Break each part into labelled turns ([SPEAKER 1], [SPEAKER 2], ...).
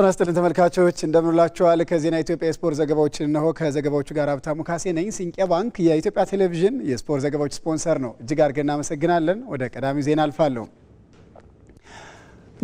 [SPEAKER 1] ጤና ይስጥልን ተመልካቾች እንደምንላችኋል። ከዜና ኢትዮጵያ የስፖርት ዘገባዎች እነሆ። ከዘገባዎቹ ጋር ሀብታሙ ካሴ ነኝ። ሲንቄ ባንክ የኢትዮጵያ ቴሌቪዥን የስፖርት ዘገባዎች ስፖንሰር ነው። እጅግ አድርገን እናመሰግናለን። ወደ ቀዳሚው ዜና አልፋለሁ።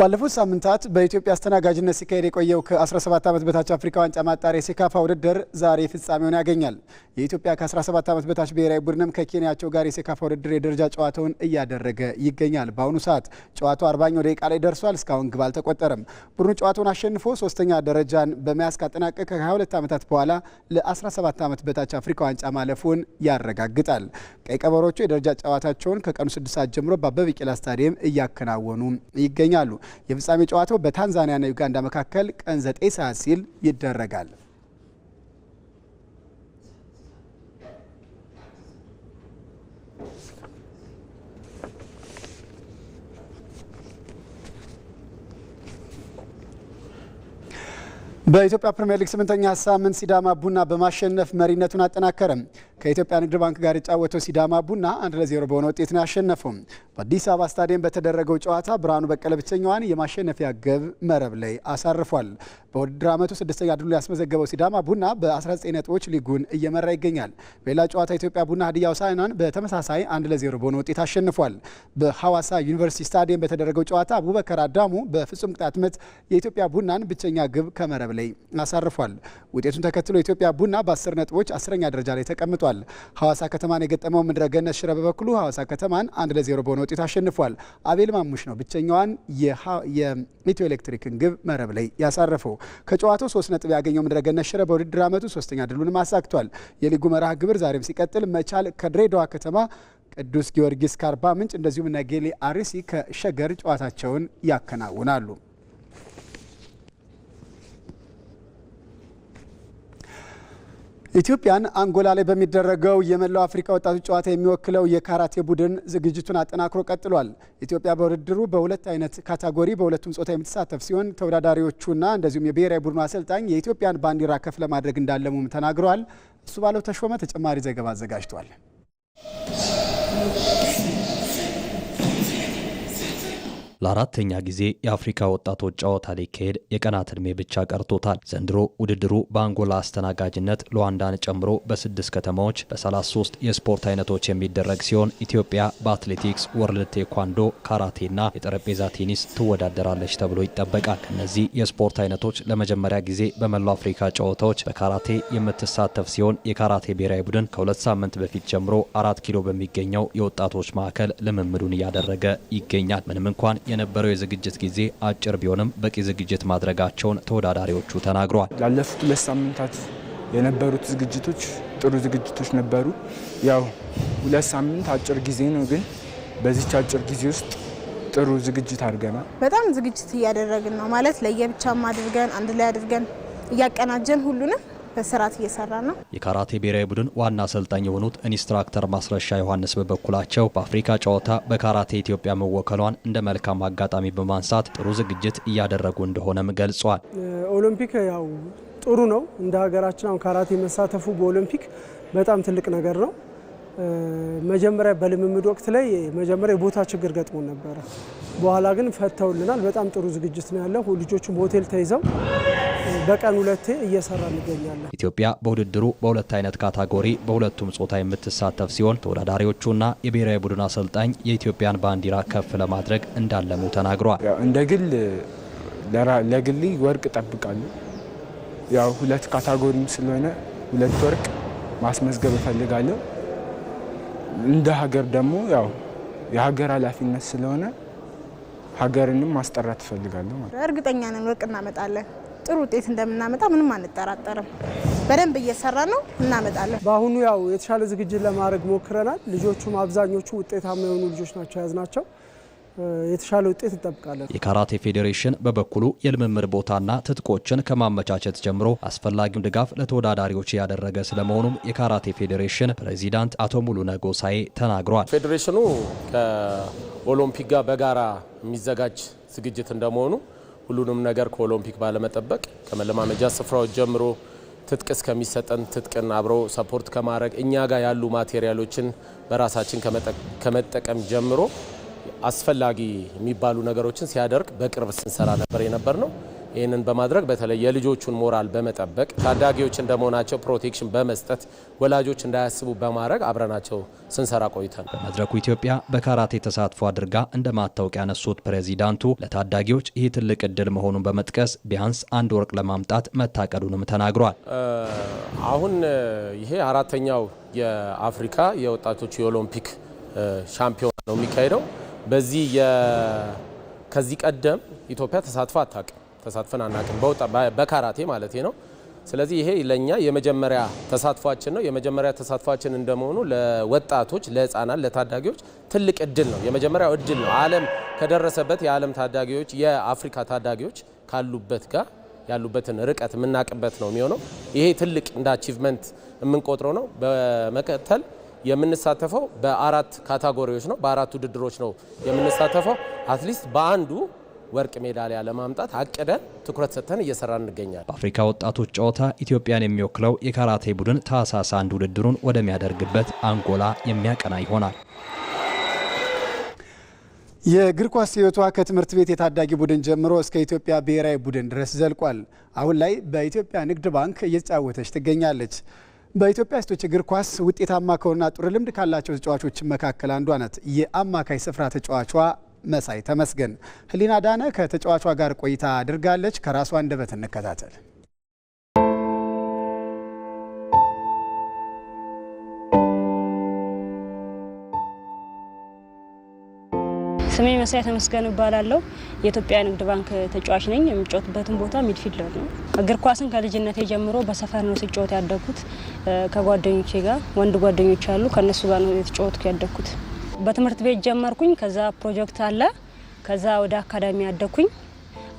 [SPEAKER 1] ባለፉት ሳምንታት በኢትዮጵያ አስተናጋጅነት ሲካሄድ የቆየው ከ17 ዓመት በታች አፍሪካ ዋንጫ ማጣሪያ የሴካፋ ውድድር ዛሬ ፍጻሜውን ያገኛል። የኢትዮጵያ ከ17 ዓመት በታች ብሔራዊ ቡድንም ከኬንያቸው ጋር የሴካፋ ውድድር የደረጃ ጨዋታውን እያደረገ ይገኛል። በአሁኑ ሰዓት ጨዋታው አርባኛው ደቂቃ ላይ ደርሷል። እስካሁን ግብ አልተቆጠረም። ቡድኑ ጨዋታውን አሸንፎ ሶስተኛ ደረጃን በመያዝ ካጠናቀቀ ከ22 ዓመታት በኋላ ለ17 ዓመት በታች አፍሪካ ዋንጫ ማለፉን ያረጋግጣል። ቀይ ቀበሮቹ የደረጃ ጨዋታቸውን ከቀኑ 6 ሰዓት ጀምሮ በአበበ ቢቂላ ስታዲየም እያከናወኑ ይገኛሉ። የፍጻሜ ጨዋታው በታንዛኒያና ዩጋንዳ መካከል ቀን ዘጠኝ ሰዓት ሲል ይደረጋል። በኢትዮጵያ ፕሪምየር ሊግ ስምንተኛ ሳምንት ሲዳማ ቡና በማሸነፍ መሪነቱን አጠናከረም። ከኢትዮጵያ ንግድ ባንክ ጋር የጫወተው ሲዳማ ቡና አንድ ለዜሮ በሆነ ውጤት ነው ያሸነፈው። በአዲስ አበባ ስታዲየም በተደረገው ጨዋታ ብርሃኑ በቀለ ብቸኛዋን የማሸነፊያ ግብ መረብ ላይ አሳርፏል። በውድድር ዓመቱ ስድስተኛ ድሉ ያስመዘገበው ሲዳማ ቡና በ19 ነጥቦች ሊጉን እየመራ ይገኛል። በሌላ ጨዋታ ኢትዮጵያ ቡና ሀዲያ ሆሳዕናን በተመሳሳይ አንድ ለዜሮ በሆነ ውጤት አሸንፏል። በሐዋሳ ዩኒቨርሲቲ ስታዲየም በተደረገው ጨዋታ አቡበከር አዳሙ በፍጹም ቅጣት ምት የኢትዮጵያ ቡናን ብቸኛ ግብ ከመረብ ላይ አሳርፏል። ውጤቱን ተከትሎ ኢትዮጵያ ቡና በ10 ነጥቦች አስረኛ ደረጃ ላይ ተቀምጧል። ተመልክቷል። ሐዋሳ ከተማን የገጠመው ምድረገነት ሽረ በበኩሉ ሐዋሳ ከተማን አንድ ለዜሮ በሆነ ውጤት አሸንፏል። አቤል ማሙሽ ነው ብቸኛዋን የኢትዮ ኤሌክትሪክን ግብ መረብ ላይ ያሳረፈው። ከጨዋታው ሶስት ነጥብ ያገኘው ምድረገነት ሽረ በውድድር ዓመቱ ሶስተኛ ድሉንም አሳክቷል። የሊጉ መርሃ ግብር ዛሬም ሲቀጥል መቻል ከድሬዳዋ ከተማ ቅዱስ ጊዮርጊስ ከአርባ ምንጭ እንደዚሁም ነገሌ አርሲ ከሸገር ጨዋታቸውን ያከናውናሉ። ኢትዮጵያን አንጎላ ላይ በሚደረገው የመላው አፍሪካ ወጣቶች ጨዋታ የሚወክለው የካራቴ ቡድን ዝግጅቱን አጠናክሮ ቀጥሏል። ኢትዮጵያ በውድድሩ በሁለት አይነት ካታጎሪ በሁለቱም ጾታ የምትሳተፍ ሲሆን ተወዳዳሪዎቹና እንደዚሁም የብሔራዊ ቡድኑ አሰልጣኝ የኢትዮጵያን ባንዲራ ከፍ ለማድረግ እንዳለሙም ተናግረዋል። እሱ ባለው ተሾመ ተጨማሪ ዘገባ አዘጋጅቷል። ለአራተኛ ጊዜ የአፍሪካ ወጣቶች ጨዋታ ሊካሄድ የቀናት ዕድሜ ብቻ ቀርቶታል። ዘንድሮ ውድድሩ በአንጎላ አስተናጋጅነት ሉዋንዳን ጨምሮ በስድስት ከተማዎች በ33 የስፖርት አይነቶች የሚደረግ ሲሆን ኢትዮጵያ በአትሌቲክስ፣ ወርልድ ቴኳንዶ፣ ካራቴና የጠረጴዛ ቴኒስ ትወዳደራለች ተብሎ ይጠበቃል። ከእነዚህ የስፖርት አይነቶች ለመጀመሪያ ጊዜ በመላው አፍሪካ ጨዋታዎች በካራቴ የምትሳተፍ ሲሆን የካራቴ ብሔራዊ ቡድን ከሁለት ሳምንት በፊት ጀምሮ አራት ኪሎ በሚገኘው የወጣቶች ማዕከል ልምምዱን እያደረገ ይገኛል። ምንም እንኳን የነበረው የዝግጅት ጊዜ አጭር ቢሆንም በቂ ዝግጅት ማድረጋቸውን ተወዳዳሪዎቹ ተናግረዋል።
[SPEAKER 2] ላለፉት ሁለት ሳምንታት የነበሩት ዝግጅቶች ጥሩ ዝግጅቶች ነበሩ። ያው ሁለት ሳምንት አጭር ጊዜ ነው፣ ግን በዚች አጭር ጊዜ ውስጥ ጥሩ ዝግጅት አድርገናል።
[SPEAKER 3] በጣም ዝግጅት እያደረግን ነው ማለት ለየብቻም አድርገን አንድ ላይ አድርገን እያቀናጀን ሁሉንም በስርዓት እየሰራ ነው።
[SPEAKER 1] የካራቴ ብሔራዊ ቡድን ዋና አሰልጣኝ የሆኑት ኢንስትራክተር ማስረሻ ዮሐንስ በበኩላቸው በአፍሪካ ጨዋታ በካራቴ ኢትዮጵያ መወከሏን እንደ መልካም አጋጣሚ በማንሳት ጥሩ ዝግጅት እያደረጉ እንደሆነም ገልጿል።
[SPEAKER 4] ኦሎምፒክ ያው ጥሩ ነው። እንደ ሀገራችን አሁን ካራቴ መሳተፉ በኦሎምፒክ በጣም ትልቅ ነገር ነው። መጀመሪያ በልምምድ ወቅት ላይ መጀመሪያ የቦታ ችግር ገጥሞ ነበረ። በኋላ ግን ፈተውልናል። በጣም ጥሩ ዝግጅት ነው ያለው። ልጆቹም ሆቴል ተይዘው በቀን ሁለቴ እየሰራ እንገኛለን።
[SPEAKER 1] ኢትዮጵያ በውድድሩ በሁለት አይነት ካታጎሪ በሁለቱም ጾታ የምትሳተፍ ሲሆን ተወዳዳሪዎቹና የብሔራዊ ቡድን አሰልጣኝ የኢትዮጵያን ባንዲራ ከፍ ለማድረግ እንዳለሙ ተናግሯል።
[SPEAKER 5] እንደ ግል ለግል ወርቅ ጠብቃሉ። ያው ሁለት ካታጎሪም ስለሆነ ሁለት ወርቅ ማስመዝገብ እፈልጋለሁ። እንደ ሀገር ደግሞ ያው የሀገር ኃላፊነት ስለሆነ ሀገርንም ማስጠራት እፈልጋለሁ።
[SPEAKER 3] እርግጠኛ ነን ወርቅ እናመጣለን። ጥሩ ውጤት እንደምናመጣ ምንም አንጠራጠርም። በደንብ እየሰራ ነው፣ እናመጣለን።
[SPEAKER 4] በአሁኑ ያው የተሻለ ዝግጅት ለማድረግ ሞክረናል። ልጆቹም አብዛኞቹ ውጤታማ የሆኑ ልጆች ናቸው የያዝናቸው። የተሻለ ውጤት እንጠብቃለን።
[SPEAKER 1] የካራቴ ፌዴሬሽን በበኩሉ የልምምድ ቦታና ትጥቆችን ከማመቻቸት ጀምሮ አስፈላጊውን ድጋፍ ለተወዳዳሪዎች ያደረገ ስለመሆኑም የካራቴ ፌዴሬሽን ፕሬዚዳንት አቶ ሙሉነ ጎሳኤ ተናግሯል።
[SPEAKER 6] ፌዴሬሽኑ ከኦሎምፒክ ጋር በጋራ የሚዘጋጅ ዝግጅት እንደመሆኑ ሁሉንም ነገር ከኦሎምፒክ ባለመጠበቅ ከመለማመጃ ስፍራዎች ጀምሮ ትጥቅ እስከሚሰጠን ትጥቅን አብሮ ሰፖርት ከማድረግ እኛ ጋር ያሉ ማቴሪያሎችን በራሳችን ከመጠቀም ጀምሮ አስፈላጊ የሚባሉ ነገሮችን ሲያደርግ በቅርብ ስንሰራ ነበር የነበር ነው። ይህንን በማድረግ በተለይ የልጆቹን ሞራል በመጠበቅ ታዳጊዎች እንደመሆናቸው ፕሮቴክሽን በመስጠት ወላጆች እንዳያስቡ በማድረግ አብረናቸው ስንሰራ ቆይተን
[SPEAKER 1] በመድረኩ ኢትዮጵያ በካራቴ ተሳትፎ አድርጋ እንደማታውቅ ያነሱት ፕሬዚዳንቱ ለታዳጊዎች ይህ ትልቅ እድል መሆኑን በመጥቀስ ቢያንስ አንድ ወርቅ ለማምጣት መታቀዱንም ተናግሯል።
[SPEAKER 6] አሁን ይሄ አራተኛው የአፍሪካ የወጣቶች የኦሎምፒክ ሻምፒዮና ነው የሚካሄደው። በዚህ ከዚህ ቀደም ኢትዮጵያ ተሳትፎ አታውቅም። ተሳትፈን አናውቅም፣ በካራቴ ማለት ነው። ስለዚህ ይሄ ለእኛ የመጀመሪያ ተሳትፏችን ነው። የመጀመሪያ ተሳትፏችን እንደመሆኑ ለወጣቶች፣ ለህፃናት፣ ለታዳጊዎች ትልቅ እድል ነው። የመጀመሪያው እድል ነው። ዓለም ከደረሰበት የዓለም ታዳጊዎች የአፍሪካ ታዳጊዎች ካሉበት ጋር ያሉበትን ርቀት የምናውቅበት ነው የሚሆነው። ይሄ ትልቅ እንደ አቺቭመንት የምንቆጥረው ነው። በመቀጠል የምንሳተፈው በአራት ካታጎሪዎች ነው፣ በአራት ውድድሮች ነው የምንሳተፈው አትሊስት በአንዱ ወርቅ ሜዳሊያ ለማምጣት አቅደን ትኩረት ሰጥተን እየሰራ እንገኛለን።
[SPEAKER 1] በአፍሪካ ወጣቶች ጨዋታ ኢትዮጵያን የሚወክለው የካራቴ ቡድን ታህሳስ አንድ ውድድሩን ወደሚያደርግበት አንጎላ የሚያቀና ይሆናል። የእግር ኳስ ህይወቷ ከትምህርት ቤት የታዳጊ ቡድን ጀምሮ እስከ ኢትዮጵያ ብሔራዊ ቡድን ድረስ ዘልቋል። አሁን ላይ በኢትዮጵያ ንግድ ባንክ እየተጫወተች ትገኛለች። በኢትዮጵያ ሴቶች እግር ኳስ ውጤታማ ከሆኑና ጥሩ ልምድ ካላቸው ተጫዋቾች መካከል አንዷ ናት። የአማካይ ስፍራ ተጫዋቿ መሳይ ተመስገን። ህሊና ዳነ ከተጫዋቿ ጋር ቆይታ አድርጋለች። ከራሷ አንደበት እንከታተል።
[SPEAKER 3] ስሜ መሳይ ተመስገን እባላለሁ። የኢትዮጵያ ንግድ ባንክ ተጫዋች ነኝ። የምጫወትበትን ቦታ ሚድፊልደር ነው። እግር ኳስን ከልጅነቴ ጀምሮ በሰፈር ነው ስጫወት ያደግኩት። ከጓደኞቼ ጋር ወንድ ጓደኞች አሉ። ከእነሱ ጋር ነው የተጫወትኩ ያደግኩት። በትምህርት ቤት ጀመርኩኝ። ከዛ ፕሮጀክት አለ። ከዛ ወደ አካዳሚ አደኩኝ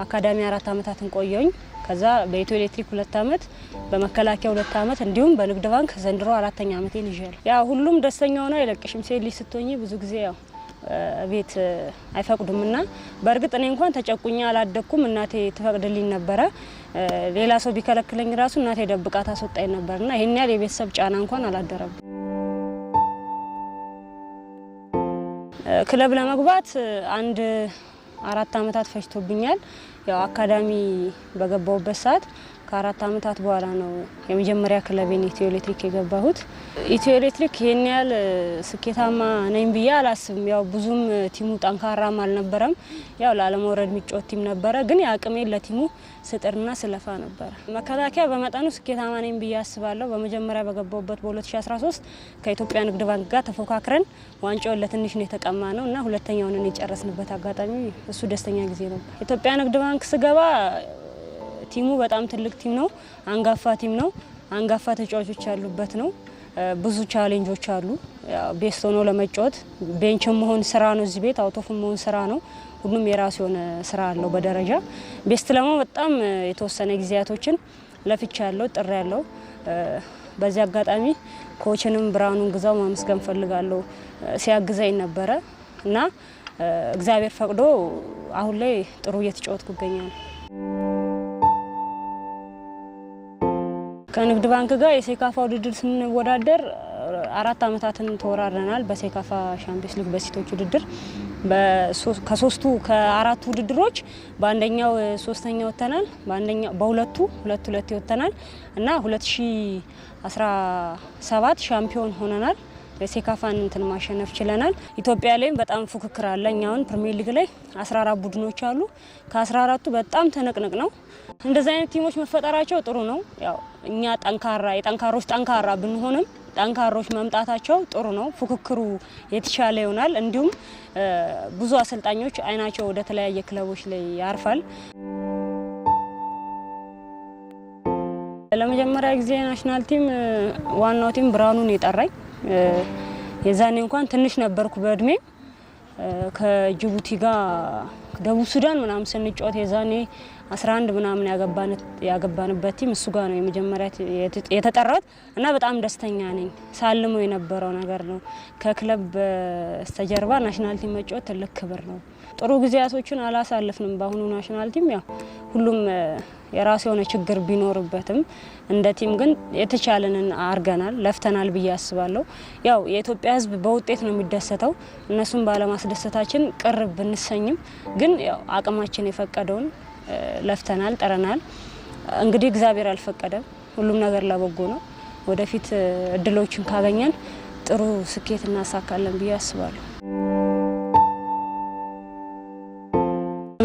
[SPEAKER 3] አካዳሚ አራት አመታትን ቆየሁኝ። ከዛ በኢትዮ ኤሌክትሪክ ሁለት አመት፣ በመከላከያ ሁለት አመት እንዲሁም በንግድ ባንክ ዘንድሮ አራተኛ አመቴን ይዣለሁ። ያ ሁሉም ደስተኛ ሆኖ አይለቅሽም። ሴት ልጅ ስትሆኚ ብዙ ጊዜ ያው ቤት አይፈቅዱም በእርግጥ እኔ እንኳን ተጨቁኛ አላደኩም። እናቴ ትፈቅድልኝ ነበረ። ሌላ ሰው ቢከለክለኝ ራሱ እናቴ ደብቃ ታስወጣኝ ነበርና ይህን ያህል የቤተሰብ ጫና እንኳን አላደረም ክለብ ለመግባት አንድ አራት አመታት ፈጅቶብኛል። ያው አካዳሚ በገባውበት ሰዓት ከአራት ዓመታት በኋላ ነው የመጀመሪያ ክለቤን ኢትዮ ኤሌክትሪክ የገባሁት። ኢትዮ ኤሌክትሪክ ይህን ያህል ስኬታማ ነኝ ብዬ አላስብም። ያው ብዙም ቲሙ ጠንካራም አልነበረም። ያው ላለመውረድ ሚጮት ቲም ነበረ፣ ግን የአቅሜን ለቲሙ ስጥርና ስለፋ ነበረ። መከላከያ በመጠኑ ስኬታማ ነኝ ብዬ አስባለሁ። በመጀመሪያ በገባሁበት በ2013 ከኢትዮጵያ ንግድ ባንክ ጋር ተፎካክረን ዋንጫውን ለትንሽ ነው የተቀማ ነው እና ሁለተኛውን የጨረስንበት አጋጣሚ እሱ ደስተኛ ጊዜ ነበር። ኢትዮጵያ ንግድ ባንክ ስገባ ቲሙ በጣም ትልቅ ቲም ነው። አንጋፋ ቲም ነው። አንጋፋ ተጫዋቾች ያሉበት ነው። ብዙ ቻሌንጆች አሉ። ቤስት ሆኖ ለመጫወት ቤንችም መሆን ስራ ነው። እዚህ ቤት አውቶፍም መሆን ስራ ነው። ሁሉም የራሱ የሆነ ስራ አለው። በደረጃ ቤስት ለሞ በጣም የተወሰነ ጊዜያቶችን ለፍቻ ያለው ጥሪ ያለው በዚህ አጋጣሚ ኮችንም ብርሃኑን ግዛው ማመስገን ፈልጋለሁ። ሲያግዘኝ ነበረ እና እግዚአብሔር ፈቅዶ አሁን ላይ ጥሩ እየተጫወትኩ ይገኛል። ከንግድ ባንክ ጋር የሴካፋ ውድድር ስንወዳደር አራት ዓመታትን ተወራረናል። በሴካፋ ሻምፒዮንስ ሊግ በሴቶች ውድድር ከሶስቱ ከአራቱ ውድድሮች በአንደኛው ሶስተኛ ወተናል። በሁለቱ ሁለት ሁለት ይወተናል እና 2017 ሻምፒዮን ሆነናል። ሴካፋን እንትን ማሸነፍ ችለናል። ኢትዮጵያ ላይም በጣም ፉክክር አለ። እኛ አሁን ፕሪሚየር ሊግ ላይ 14 ቡድኖች አሉ። ከ14ቱ በጣም ትንቅንቅ ነው። እንደዚህ አይነት ቲሞች መፈጠራቸው ጥሩ ነው። ያው እኛ ጠንካራ የጠንካሮች ጠንካራ ብንሆንም ጠንካሮች መምጣታቸው ጥሩ ነው። ፉክክሩ የተሻለ ይሆናል። እንዲሁም ብዙ አሰልጣኞች አይናቸው ወደ ተለያየ ክለቦች ላይ ያርፋል። ለመጀመሪያ ጊዜ ናሽናል ቲም ዋናው ቲም ብርሃኑን የጠራኝ የዛኔ እንኳን ትንሽ ነበርኩ በእድሜ ከጅቡቲ ጋር ደቡብ ሱዳን ምናምን ስንጫወት የዛኔ 11 ምናምን ያገባንበት ቲም እሱ ጋር ነው የመጀመሪያ የተጠራሁት እና በጣም ደስተኛ ነኝ። ሳልሞ የነበረው ነገር ነው። ከክለብ በስተጀርባ ናሽናል ቲም መጫወት ትልቅ ክብር ነው። ጥሩ ጊዜያቶችን አላሳለፍንም። በአሁኑ ናሽናል ቲም ያው ሁሉም የራሱ የሆነ ችግር ቢኖርበትም እንደ ቲም ግን የተቻለንን አርገናል፣ ለፍተናል ብዬ አስባለሁ። ያው የኢትዮጵያ ሕዝብ በውጤት ነው የሚደሰተው። እነሱም ባለማስደሰታችን ቅር ብንሰኝም ግን ያው አቅማችን የፈቀደውን ለፍተናል፣ ጥረናል። እንግዲህ እግዚአብሔር አልፈቀደም። ሁሉም ነገር ለበጎ ነው። ወደፊት እድሎችን ካገኘን ጥሩ ስኬት እናሳካለን ብዬ አስባለሁ።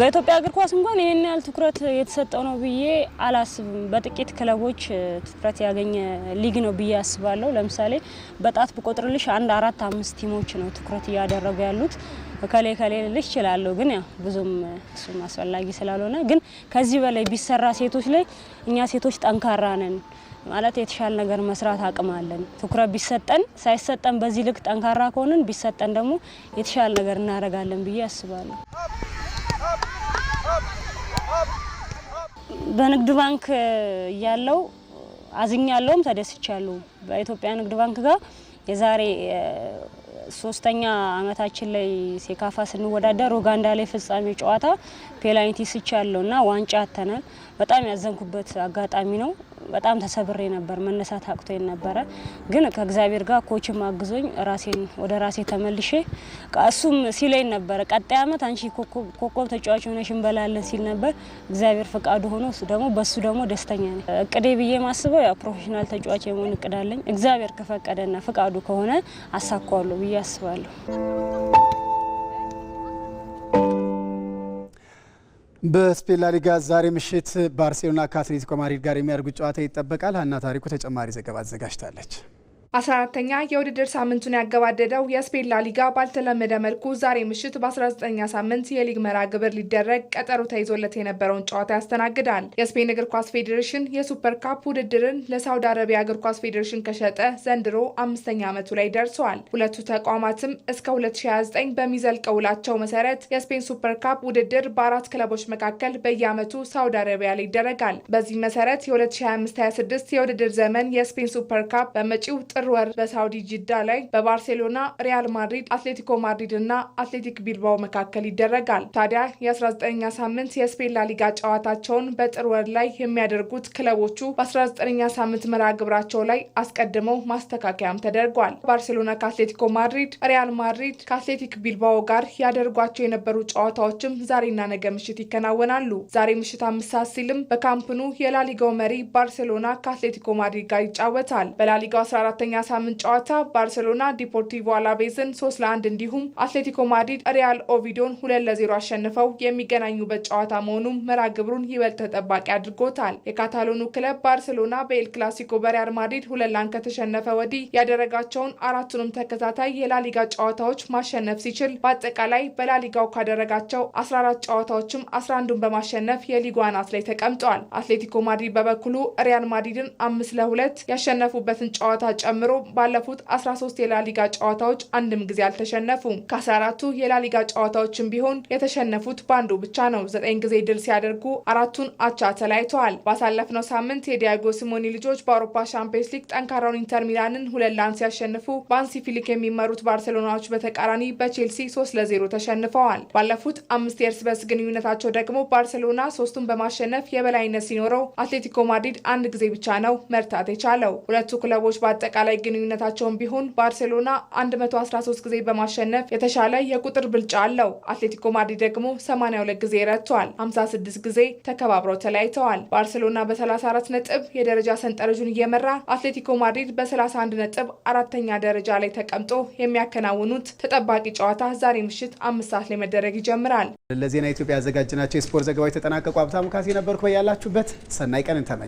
[SPEAKER 3] በኢትዮጵያ እግር ኳስ እንኳን ይህን ያህል ትኩረት የተሰጠው ነው ብዬ አላስብም። በጥቂት ክለቦች ትኩረት ያገኘ ሊግ ነው ብዬ አስባለሁ። ለምሳሌ በጣት ብቆጥርልሽ አንድ አራት አምስት ቲሞች ነው ትኩረት እያደረጉ ያሉት። እከሌ እከሌ ልልሽ እችላለሁ፣ ግን ያው ብዙም እሱም አስፈላጊ ስላልሆነ ግን ከዚህ በላይ ቢሰራ ሴቶች ላይ እኛ ሴቶች ጠንካራ ነን ማለት የተሻለ ነገር መስራት አቅም አለን። ትኩረት ቢሰጠን ሳይሰጠን በዚህ ልክ ጠንካራ ከሆንን ቢሰጠን ደግሞ የተሻለ ነገር እናደርጋለን ብዬ አስባለሁ። በንግድ ባንክ እያለው አዝኛለውም ተደስቻለሁ። በኢትዮጵያ ንግድ ባንክ ጋር የዛሬ ሶስተኛ አመታችን ላይ ሴካፋ ስንወዳደር ኡጋንዳ ላይ ፍጻሜ ጨዋታ ፔናልቲ ስቻለሁ እና ዋንጫ አተናል። በጣም ያዘንኩበት አጋጣሚ ነው። በጣም ተሰብሬ ነበር፣ መነሳት አቅቶኝ ነበረ። ግን ከእግዚአብሔር ጋር ኮችም አግዞኝ ራሴን ወደ ራሴ ተመልሼ እሱም ሲለኝ ነበረ ቀጣይ ዓመት አንቺ ኮከብ ተጫዋች ሆነሽ እንበላለን ሲል ነበር። እግዚአብሔር ፈቃዱ ሆኖ ደግሞ በሱ ደግሞ ደስተኛ ነኝ። እቅዴ ብዬ ማስበው ያው ፕሮፌሽናል ተጫዋች የመሆን እቅዳለኝ። እግዚአብሔር ከፈቀደና ፈቃዱ ከሆነ አሳኳለሁ ብዬ አስባለሁ።
[SPEAKER 1] በስፔን ላሊጋ ዛሬ ምሽት ባርሴሎና ከአትሌቲኮ ማድሪድ ጋር የሚያደርጉት ጨዋታ ይጠበቃል። ሀና ታሪኩ ተጨማሪ ዘገባ አዘጋጅታለች።
[SPEAKER 7] 14ተኛ የውድድር ሳምንቱን ያገባደደው የስፔን ላሊጋ ባልተለመደ መልኩ ዛሬ ምሽት በ19ኛ ሳምንት የሊግ መራ ግብር ሊደረግ ቀጠሮ ተይዞለት የነበረውን ጨዋታ ያስተናግዳል። የስፔን እግር ኳስ ፌዴሬሽን የሱፐር ካፕ ውድድርን ለሳውዲ አረቢያ እግር ኳስ ፌዴሬሽን ከሸጠ ዘንድሮ አምስተኛ ዓመቱ ላይ ደርሰዋል። ሁለቱ ተቋማትም እስከ 2029 በሚዘልቀው ውላቸው መሰረት የስፔን ሱፐር ካፕ ውድድር በአራት ክለቦች መካከል በየዓመቱ ሳውዲ አረቢያ ላይ ይደረጋል። በዚህ መሰረት የ2025/26 የውድድር ዘመን የስፔን ሱፐር ካፕ በመጪው ጥር ወር በሳውዲ ጅዳ ላይ በባርሴሎና፣ ሪያል ማድሪድ፣ አትሌቲኮ ማድሪድ እና አትሌቲክ ቢልባው መካከል ይደረጋል። ታዲያ የ19ኛ ሳምንት የስፔን ላሊጋ ጨዋታቸውን በጥር ወር ላይ የሚያደርጉት ክለቦቹ በ19ኛ ሳምንት መርሃ ግብራቸው ላይ አስቀድመው ማስተካከያም ተደርጓል። ባርሴሎና ከአትሌቲኮ ማድሪድ፣ ሪያል ማድሪድ ከአትሌቲክ ቢልባኦ ጋር ያደርጓቸው የነበሩ ጨዋታዎችም ዛሬና ነገ ምሽት ይከናወናሉ። ዛሬ ምሽት አምስት ሰዓት ሲልም በካምፕኑ የላሊጋው መሪ ባርሴሎና ከአትሌቲኮ ማድሪድ ጋር ይጫወታል። በላሊጋው 14 ኛ ሳምንት ጨዋታ ባርሴሎና ዲፖርቲቮ 3 ሶስት ለአንድ እንዲሁም አትሌቲኮ ማድሪድ ሪያል ኦቪዶን ሁለት ለዜሮ አሸንፈው የሚገናኙበት ጨዋታ መሆኑም መርሃ ግብሩን ይበልጥ ተጠባቂ አድርጎታል። የካታሎኑ ክለብ ባርሴሎና በኤል ክላሲኮ በሪያል ማድሪድ ሁለት ለአንድ ከተሸነፈ ወዲህ ያደረጋቸውን አራቱንም ተከታታይ የላሊጋ ጨዋታዎች ማሸነፍ ሲችል በአጠቃላይ በላሊጋው ካደረጋቸው 14 ጨዋታዎችም 11ዱን በማሸነፍ የሊጉ አናት ላይ ተቀምጧል። አትሌቲኮ ማድሪድ በበኩሉ ሪያል ማድሪድን አምስት ለሁለት ያሸነፉበትን ጨዋታ ጨምሮ ጨምሮ ባለፉት 13 የላሊጋ ጨዋታዎች አንድም ጊዜ አልተሸነፉም። ከ14ቱ የላሊጋ ጨዋታዎችም ቢሆን የተሸነፉት በአንዱ ብቻ ነው። ዘጠኝ ጊዜ ድል ሲያደርጉ አራቱን አቻ ተለያይተዋል። ባሳለፍነው ሳምንት የዲያጎ ሲሞኒ ልጆች በአውሮፓ ሻምፒየንስ ሊግ ጠንካራውን ኢንተር ሚላንን ሁለት ለአንድ ሲያሸንፉ በአንሲ ፊሊክ የሚመሩት ባርሴሎናዎች በተቃራኒ በቼልሲ 3 ለ0 ተሸንፈዋል። ባለፉት አምስት የእርስ በርስ ግንኙነታቸው ደግሞ ባርሴሎና ሶስቱን በማሸነፍ የበላይነት ሲኖረው አትሌቲኮ ማድሪድ አንድ ጊዜ ብቻ ነው መርታት የቻለው። ሁለቱ ክለቦች በአጠቃላይ አጠቃላይ ግንኙነታቸውን ቢሆን ባርሴሎና 113 ጊዜ በማሸነፍ የተሻለ የቁጥር ብልጫ አለው። አትሌቲኮ ማድሪድ ደግሞ 82 ጊዜ ረቷል፣ 56 ጊዜ ተከባብረው ተለያይተዋል። ባርሴሎና በ34 ነጥብ የደረጃ ሰንጠረዡን እየመራ አትሌቲኮ ማድሪድ በ31 ነጥብ አራተኛ ደረጃ ላይ ተቀምጦ የሚያከናውኑት ተጠባቂ ጨዋታ ዛሬ ምሽት አምስት ሰዓት ላይ መደረግ ይጀምራል። ለዜና ኢትዮጵያ ያዘጋጅናቸው የስፖርት ዘገባዎች ተጠናቀቁ። ሀብታሙ ካሴ ነበርኩ። በያላችሁበት ሰናይ ቀን እንተመኝ